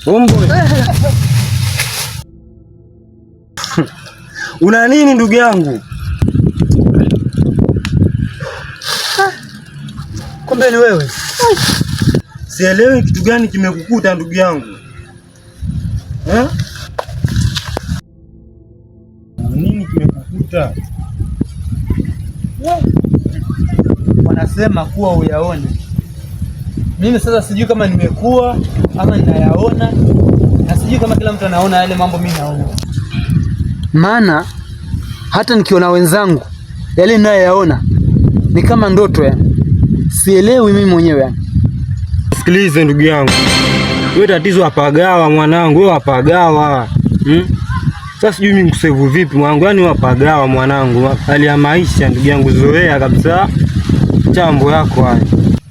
Una nini ndugu yangu? Kumbe ni wewe. Sielewi kitu gani kimekukuta ndugu yangu. Eh? Nini kimekukuta? Wanasema kuwa uyaone mimi sasa sijui kama nimekuwa ama ninayaona, na sijui kama kila mtu anaona yale mambo mimi naona, maana hata nikiona wenzangu yale ninayoyaona ni kama ndoto yani, sielewi mimi mwenyewe yani. Sikilize ndugu yangu, wewe tatizo wapagawa mwanangu, wewe wapagawa hmm? Sasa sijui mimi nikusevu vipi mwanangu, yani wapagawa mwanangu, hali ya maisha ndugu yangu, zoea kabisa chambo yako haya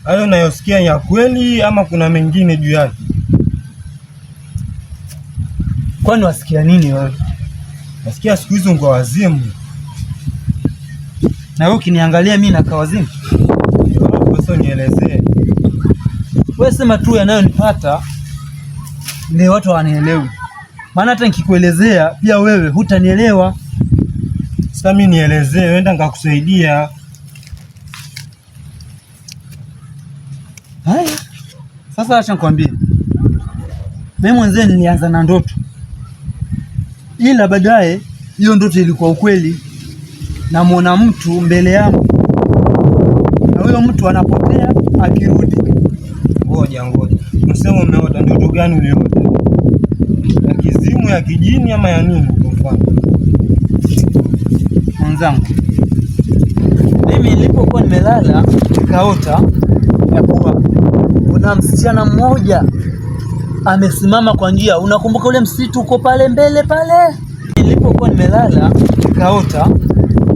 hayo nayosikia ya kweli ama kuna mengine juu yake? Kwani wasikia nini wewe? Nasikia siku hizo ngo wazimu. Na wewe ukiniangalia mimi nakaa wazimu? Sasa nielezee. Wewe sema tu yanayonipata ndio watu wanaelewa. Maana hata nikikuelezea pia wewe hutanielewa. Sasa mimi nielezee, wenda ngakusaidia. Sasa acha nikwambie, mimi mwenzie nilianza na ndoto, ila baadaye hiyo ndoto ilikuwa ukweli. Namwona mtu mbele yangu na huyo mtu anapotea akirudi. Ngoja ngoja, msemo umeota ndoto gani? Uliota ya kizimu, ya kijini ama ya nini? Kwa mfano mwenzangu, mimi nilipokuwa nimelala nikaota na msichana mmoja amesimama kwa njia. Unakumbuka ule msitu uko pale mbele pale? Nilipokuwa nimelala nikaota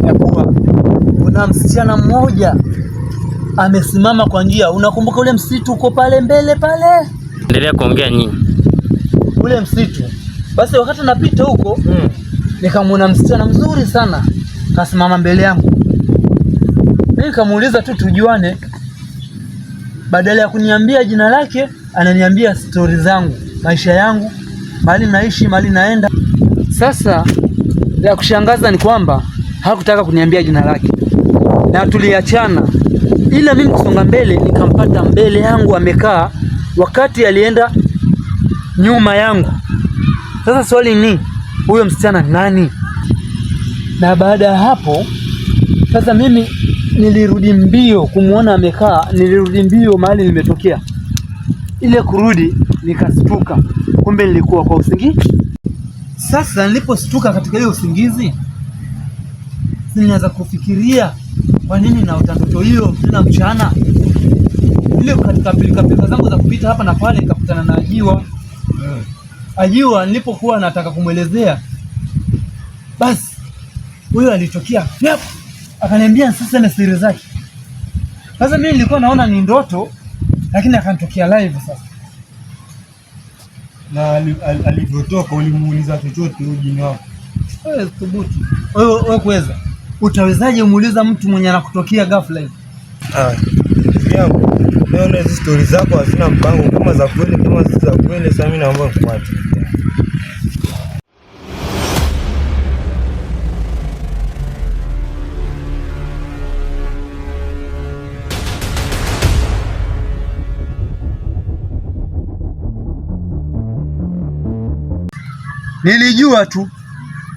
ya kuwa kuna msichana mmoja amesimama kwa njia. Unakumbuka ule msitu uko pale mbele pale? Endelea kuongea nyinyi. Ule msitu. Basi wakati napita huko mm, nikamwona msichana mzuri sana kasimama mbele yangu. Nikamuuliza tu tujuane badala ya kuniambia jina lake ananiambia stori zangu, maisha yangu, mali naishi, mali naenda. Sasa la kushangaza ni kwamba hakutaka kuniambia jina lake na tuliachana, ila mimi kusonga mbele nikampata mbele yangu amekaa, wakati alienda nyuma yangu. Sasa swali ni huyo msichana nani? Na baada ya hapo sasa mimi nilirudi mbio kumwona amekaa, nilirudi mbio mahali nimetokea. Ile kurudi nikastuka, kumbe nilikuwa kwa usingizi. Sasa nilipostuka katika hiyo usingizi, ninaanza kufikiria kwa nini naota ndoto hiyo tena mchana. Ile katika pilikapilika zangu za kupita hapa na pale, nikakutana na Ajiwa. Ajiwa nilipokuwa nataka kumwelezea, basi huyo alitokea yep akaniambia sasa na siri zake. Sasa mimi nilikuwa naona ni ndoto, lakini akanitokea live sasa. Na alivyotoka ulimuuliza chochote ujini wako eh, thubuti wewe kuweza, utawezaje umuuliza mtu mwenye anakutokea ghafla hivi? Ah, Stori zako hazina mpango, kama za kweli kama si za kweli, sasa mimi naomba kuacha. Nilijua tu,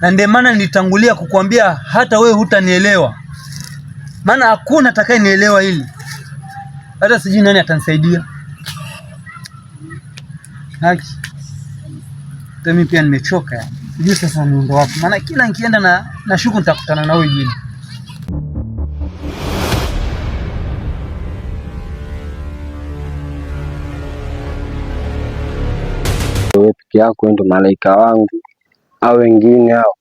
na ndio maana nilitangulia kukuambia hata wewe hutanielewa, maana hakuna atakayenielewa hili. Hata sijui nani atanisaidia haki. Mimi pia nimechoka, sijui sasa niundo wapi, maana kila nikienda na nashuku nitakutana na wewe jini. rafiki yako wewe ndo malaika wangu, au wengine hao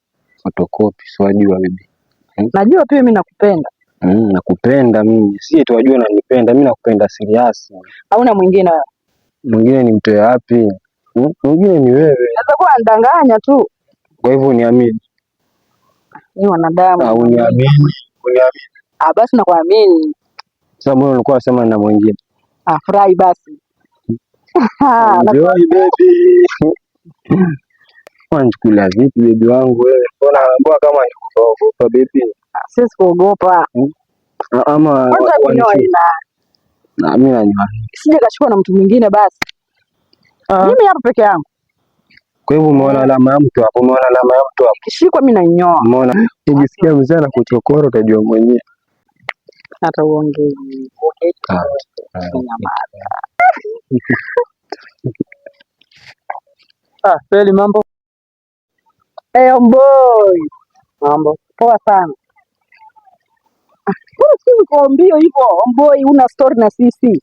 fotokopi, siwajua bibi. Hmm? Najua pia mimi nakupenda. Mm, nakupenda mimi. Si eti wajua nanipenda, mimi nakupenda serious. Hauna mwingine Mwingine ni mtoe wapi? Hmm, mwingine ni wewe. Sasa kwa ndanganya tu. Kwa hivyo uniamini. Ni wanadamu. Au ah, uniamini? Uniamini. Ah, basi nakuamini. Sasa mbona ulikuwa unasema na mwingine? Ah, furahi basi. Ah, Wanichukulia vipi bebi wangu wewe? Mbona anaambiwa kama nikuogopa bebi? Hmm? Ama na mimi Sije na mtu mwingine basi. Ah. Mimi hapa peke yangu. Kwa hivyo umeona alama ya mtu hapo, umeona alama ya mtu hapo. Kishikwa mimi nanyoa. Umeona? Ukisikia mzee anakuchokora utajua mwenyewe. Karungi, Kinyamata. Ah, ah, ah, mambo? Eh, Mambo. Poa sana. si mbio hivyo omboi, una story na sisi?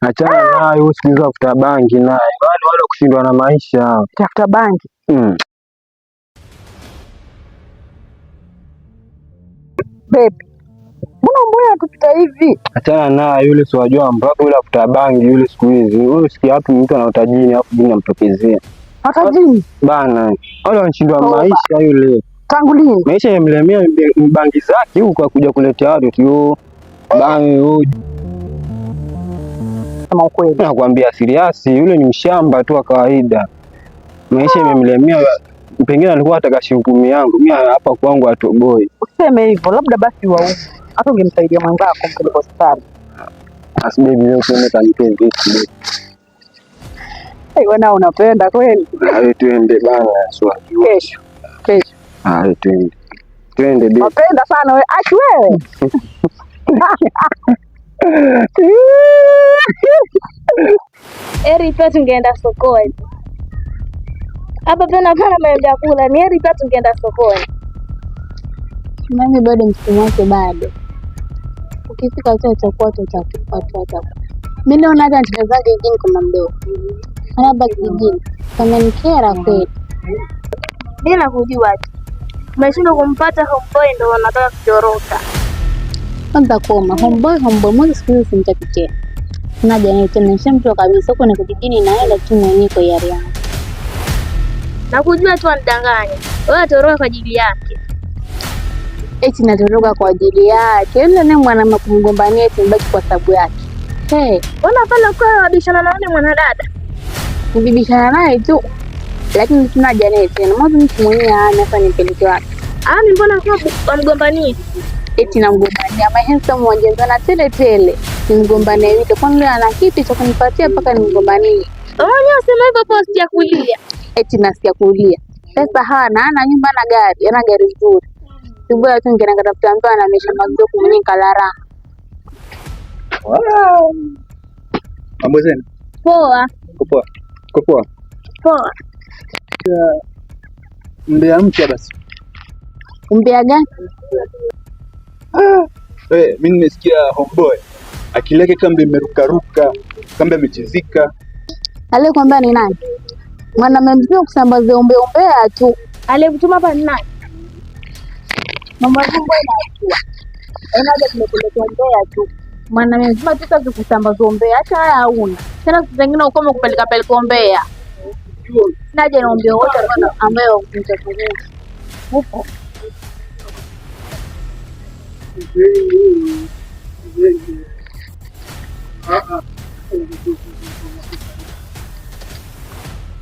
Achana nayo, usikiza kufuta bangi naye. Wale wale kushindwa na maisha. Tafuta bangi. Mm. baby, mbona mbona anatupita hivi? Achana na yule, si wajua mpaka yule afuta bangi yule siku hizi. Wewe sikia watu mtu ana utajini afu jini amtokezea. Utajini? Bana. Wale wanashindwa maisha yule. Tangulie. Maisha yamlemea mbangi zake huko kwa kuja kuletea watu tu. Oh, bangi hoji. Oh. Kama ukweli. Nakwambia siriasi, yule ni mshamba tu wa kawaida. Maisha yamemlemea pengine alikuwa hataka shukumi yangu mimi hapa kwangu atoboi. Useme hivyo labda basi wau hata ungemsaidia mwenzako mkuliko sana. Asibebi leo tuende kanipee vitu. Hey, wewe unapenda kweli? Hayo tuende bana sio. Kesho. Kesho. Hayo tuende. Tuende bi. Unapenda sana wewe. Ash wewe. Eri pia tungeenda sokoni. Hapa pana pana maenda kula mieri tatu ngeenda sokoni. Mimi bado msimu wake bado. Ukifika tu utakuwa tu utakuwa tu utakuwa. Mimi naona hata nitazaje kijijini kama mdogo. Labda kijijini. Kama nikera kweli. Bila kujua tu. Tumeshindwa kumpata homeboy ndio wanataka kutoroka. Kwanza koma homeboy homeboy mmoja siku hizi simtakitia. Naja ni tena shamtoka kabisa huko na kijijini naenda tu mwenyewe kwa yari yangu na kujua tu anidanganya. Wewe atoroka kwa ajili yake. Eti eh, natoroka kwa ajili yake. Yule naye mwanamke kumgombania eti mbaki kwa sababu yake. Hey, eh, ona pale kwa wabishana na yule mwanadada. Nibishana naye tu. Lakini tuna jana tena. Mwanzo mtu mwenye ana hapa ni mpenzi wake. Ah, mimi mbona kwa amgombanie? Eti namgombania mahensa mwanjezana tele tele. Nimgombanie wito. Kwani ana kipi cha kunipatia mpaka nimgombanie? Oh, nyasema hivyo posti ya kulia eti nasikia kulia. Sasa hana ana nyumba na gari, ana gari nzuri. Sibaya tu ngena katafuta mtu anamesha mazoko mwenye kalara. Mambo zenu? Poa. Poa. Poa. Poa. Mbea mpya basi. Mbea gani? Ah, eh, mimi nimesikia homeboy. Akili yake kambi imerukaruka, kama imechezika. Alikwambia ni nani? Mwanaume mzima kusambaza umbe umbea tu. Aliyekutuma hapa ni nani? tu. Mwanaume mzima tu kusambaza umbea hata haya auna Tena zengine zingine ukome kupeleka peleka umbea. Naje na umbea wote ambayo mtakufanyia. Upo. Ah ah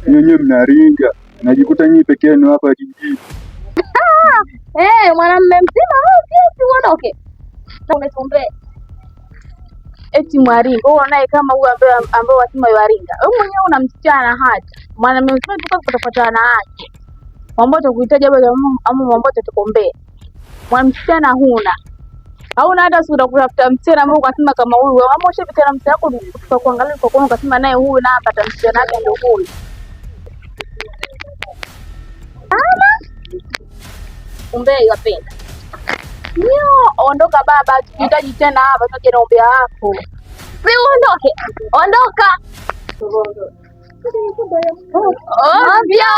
nyenyewe mnaringa, najikuta nyinyi peke yenu hapa kijijini. Ah, eh, mwanamume mzima uondoke, unitumbee eti mwaringa wewe unaye kama huyo ambaye ambaye wasema yaringa wewe mwenyewe una msichana hata mwanamume mzima tuko kutafuatana naye mambote kuhitaji bado ama mambo tukombee mwana msichana huna au na hata sura kutafuta msichana ambaye ukasema kama huyu wewe ama ushapita na msichana wako tukakuangalia kwa kuona ukasema naye huyu na hapa msichana wake ndio huyu mama umbea iwapenda nio ondoka baba, tukihitaji tena hapa toke na umbea wako. Si uondoke, ondoka ovyo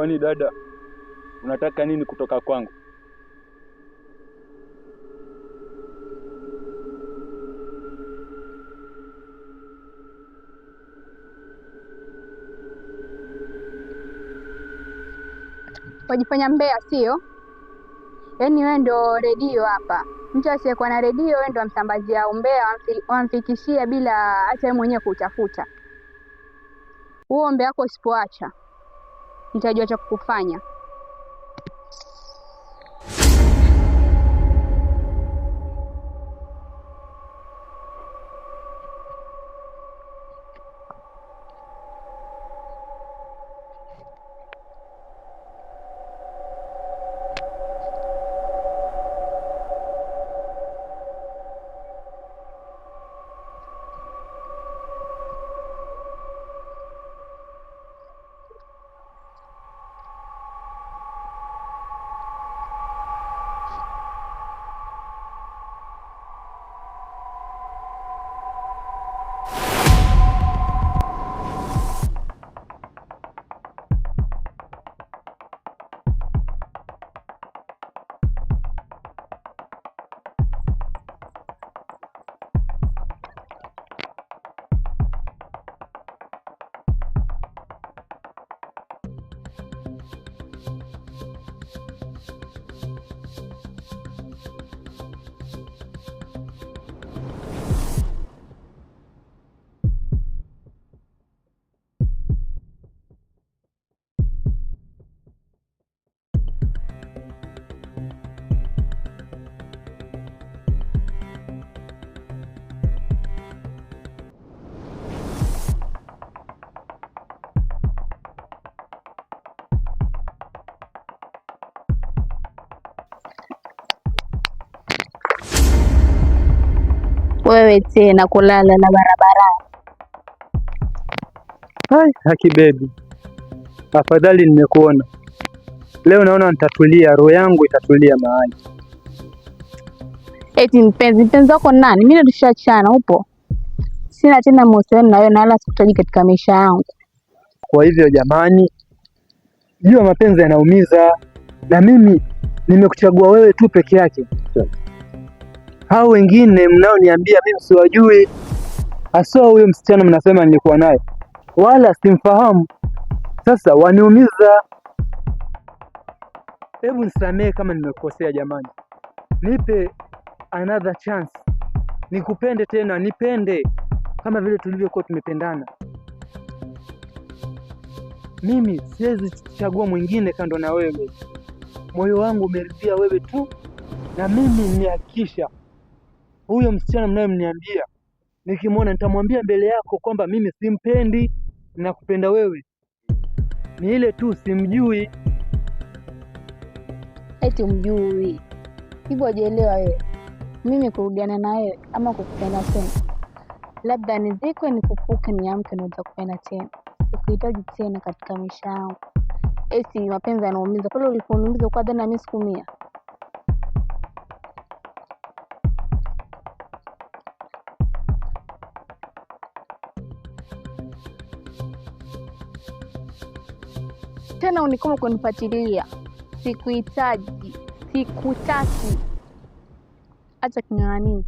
Kwani dada, unataka nini kutoka kwangu? Wajifanya mbea, sio? Yaani wewe ndio redio hapa. Mtu asiyekuwa na redio, wewe ndo amsambazia umbea, wamfikishia bila hata yeye mwenyewe kuutafuta. Huo umbea wako usipoacha nitajua cha kukufanya. wewe tena kulala na barabarani. Hai, haki bebi, afadhali nimekuona leo. Naona nitatulia, roho yangu itatulia mahali. Eti mpenzi, mpenzi wako nani? Mimi tushachana, upo sina tena mahusiano na wewe na wala sikutaji katika maisha yangu. Kwa hivyo jamani, jua mapenzi yanaumiza, na mimi nimekuchagua wewe tu peke yake. Hao wengine mnaoniambia mimi siwajui, hasa huyo msichana mnasema nilikuwa naye, wala simfahamu. Sasa waniumiza. Hebu nisamehe kama nimekosea jamani, nipe another chance, nikupende tena, nipende kama vile tulivyokuwa tumependana. Mimi siwezi chagua mwingine kando na wewe. Moyo wangu umeridhia wewe tu, na mimi nimehakikisha huyo msichana mnayemniambia, nikimwona nitamwambia mbele yako kwamba mimi simpendi, nakupenda wewe, ni ile tu simjui. Eti mjui hivyo, hajaelewa wewe. Mimi kurudiana na wewe ama kukupenda tena, labda nizikwe, nikufuke, niamke, naweza kupenda tena. Sikuhitaji tena katika maisha yangu. Eti mapenzi yanaumiza, pale uliponiumiza kwa dhana mimi sikumia tena unikoma kunifatilia. Sikuhitaji, sikutaki. hata kinyang'anizi.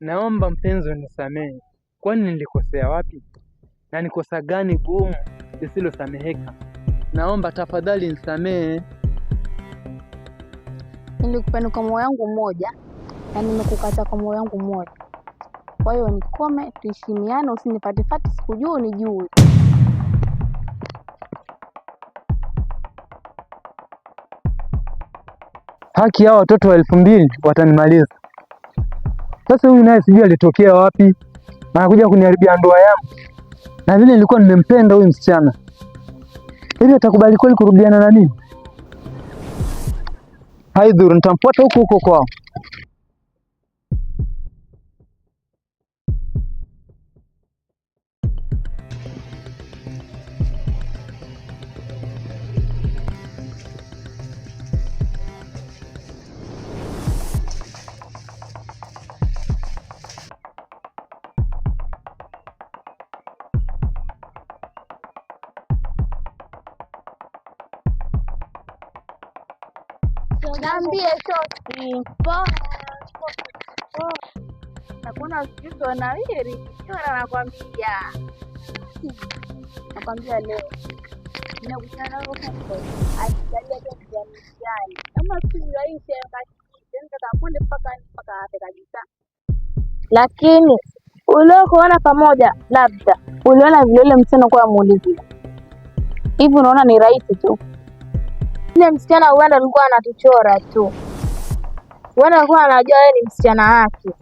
Naomba mpenzi, unisamehe. Kwani nilikosea wapi na nikosa gani gumu lisilosameheka? Naomba tafadhali nisamehe. Nilikupenda kwa moyo wangu mmoja na nimekukata kwa moyo wangu mmoja. Kwa hiyo nikome, tuheshimiane, usinipate fati sikujua unijui. haki ya watoto wa elfu mbili watanimaliza. Sasa huyu naye sijui alitokea wapi, anakuja kuniharibia ndoa yangu, na vile nilikuwa nimempenda huyu msichana. Hivi atakubali kweli kurudiana na nini? Haidhuru, nitamfuata huko huko kwao. Niambie nakwambia. Nakwambia leo. Nakutana huko. kijani kijani. Kama mpaka mpaka kabisa. Lakini uliokuona pamoja, labda uliona vile ule msichana kuwa amuulizia hivi, unaona ni rahisi tu yule msichana huenda alikuwa anatuchora tu, huenda alikuwa anajua yeye ni msichana wake, na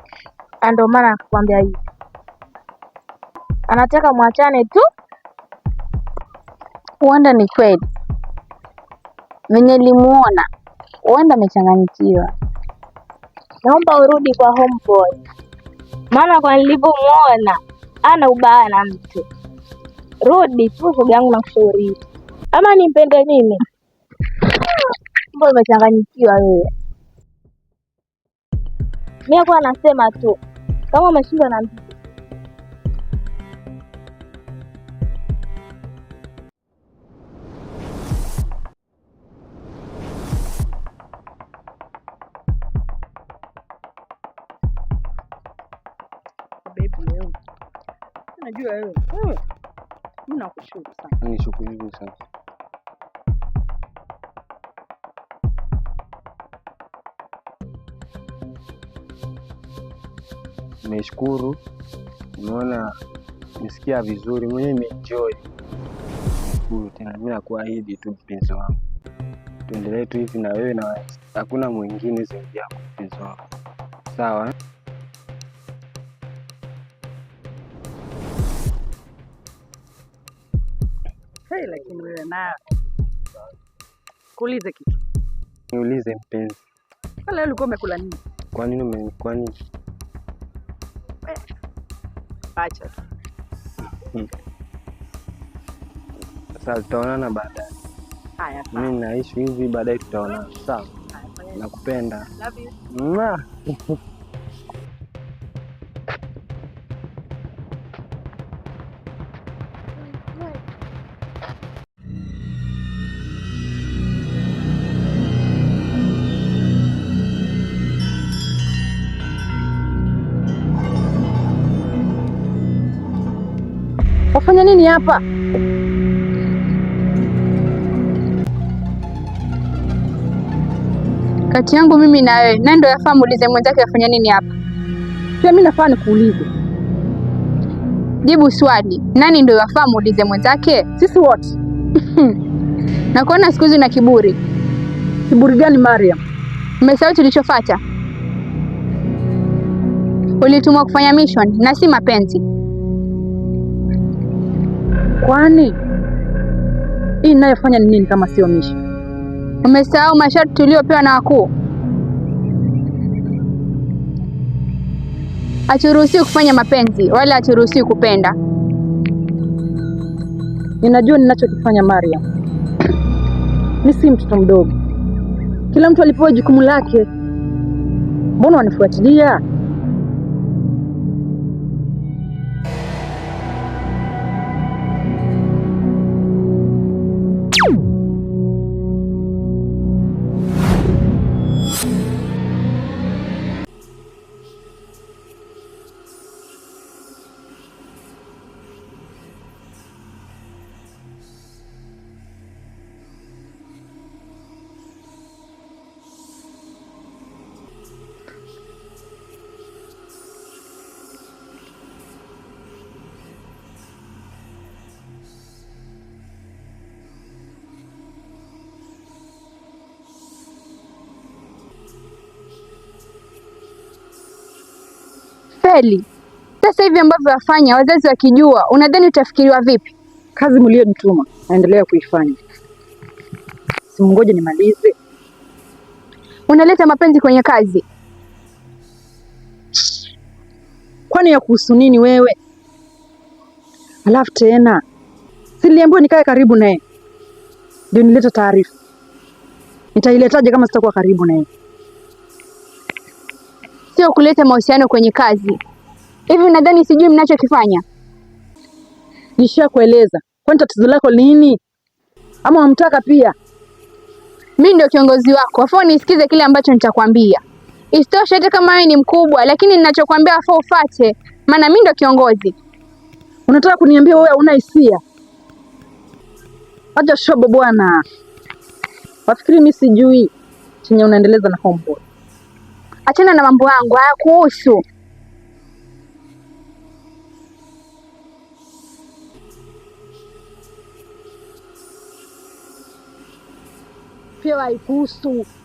ah, ndio maana akakwambia hivi. Anataka mwachane tu. Huenda ni kweli, venye limuona, huenda amechanganyikiwa. Naomba urudi kwa homeboy, maana kwa nilivyomuona ana ubaya na mtu. Rudi tu, shoga yangu, nakushauri. Ama nimpende mimi mbona umechanganyikiwa wewe? Mi hakuwa nasema tu kama umeshindwa na mtu najua wewe, wewe mimi nakushukuru sana, nishukuru sana nimeshukuru, nimeona nisikia vizuri mwenyewe, nimeenjoy. Shukuru tena, mimi nakuahidi tu mpenzi wangu, tuendelee tu hivi na wewe na hakuna mwingine zaidi yako mpenzi wangu, sawa? Eh? Hey, lakini wewe na kuulize kitu niulize mpenzi, leo ulikuwa umekula nini? Kwa nini? Kwa pacha. Sasa tutaonana baadaye. Haya, mi naishi hivi, baadaye tutaonana. Sawa, nakupenda. Love you. hapa? Kati yangu mimi na wewe, nani ndio yafaa muulize mwenzake afanya nini hapa? Pia mimi nafaa nikuulize. Jibu swali, nani ndio yafaa muulize mwenzake? Sisi wote. Nakuona siku hizi na kiburi. Kiburi gani Mariam? Umesahau tulichofuata? Ulitumwa kufanya mission na si mapenzi. Kwani hii inayofanya ni nini kama sio mishi? Umesahau masharti tuliyopewa na wakuu? Haturuhusiwi kufanya mapenzi wala haturuhusiwi kupenda. Ninajua ninachokifanya Mariam. mi si mtoto mdogo, kila mtu alipewa jukumu lake. Mbona wanifuatilia? kweli? Sasa hivi ambavyo wafanya wazazi wakijua, unadhani utafikiriwa vipi? Kazi mliyonituma naendelea kuifanya, simngoje nimalize. Unaleta mapenzi kwenye kazi, kwani ya kuhusu nini wewe? Alafu tena siliambiwa nikae karibu naye, ndio nileta taarifa. Nitailetaje kama sitakuwa karibu naye? sio kuleta mahusiano kwenye kazi. Hivi nadhani sijui mnachokifanya. kueleza Kwani tatizo lako nini? Ama wamtaka pia? Mimi ndio kiongozi wako, afu nisikize kile ambacho nitakwambia. Isitoshe hata kama wewe ni mkubwa, lakini ninachokwambia afu ufate, maana mimi ndio kiongozi. Unataka kuniambia wewe una hisia? Acha shobo bwana, wafikiri mimi sijui chenye unaendeleza na homeboy achana na mambo yangu, hayakuhusu. Pia haikuhusu.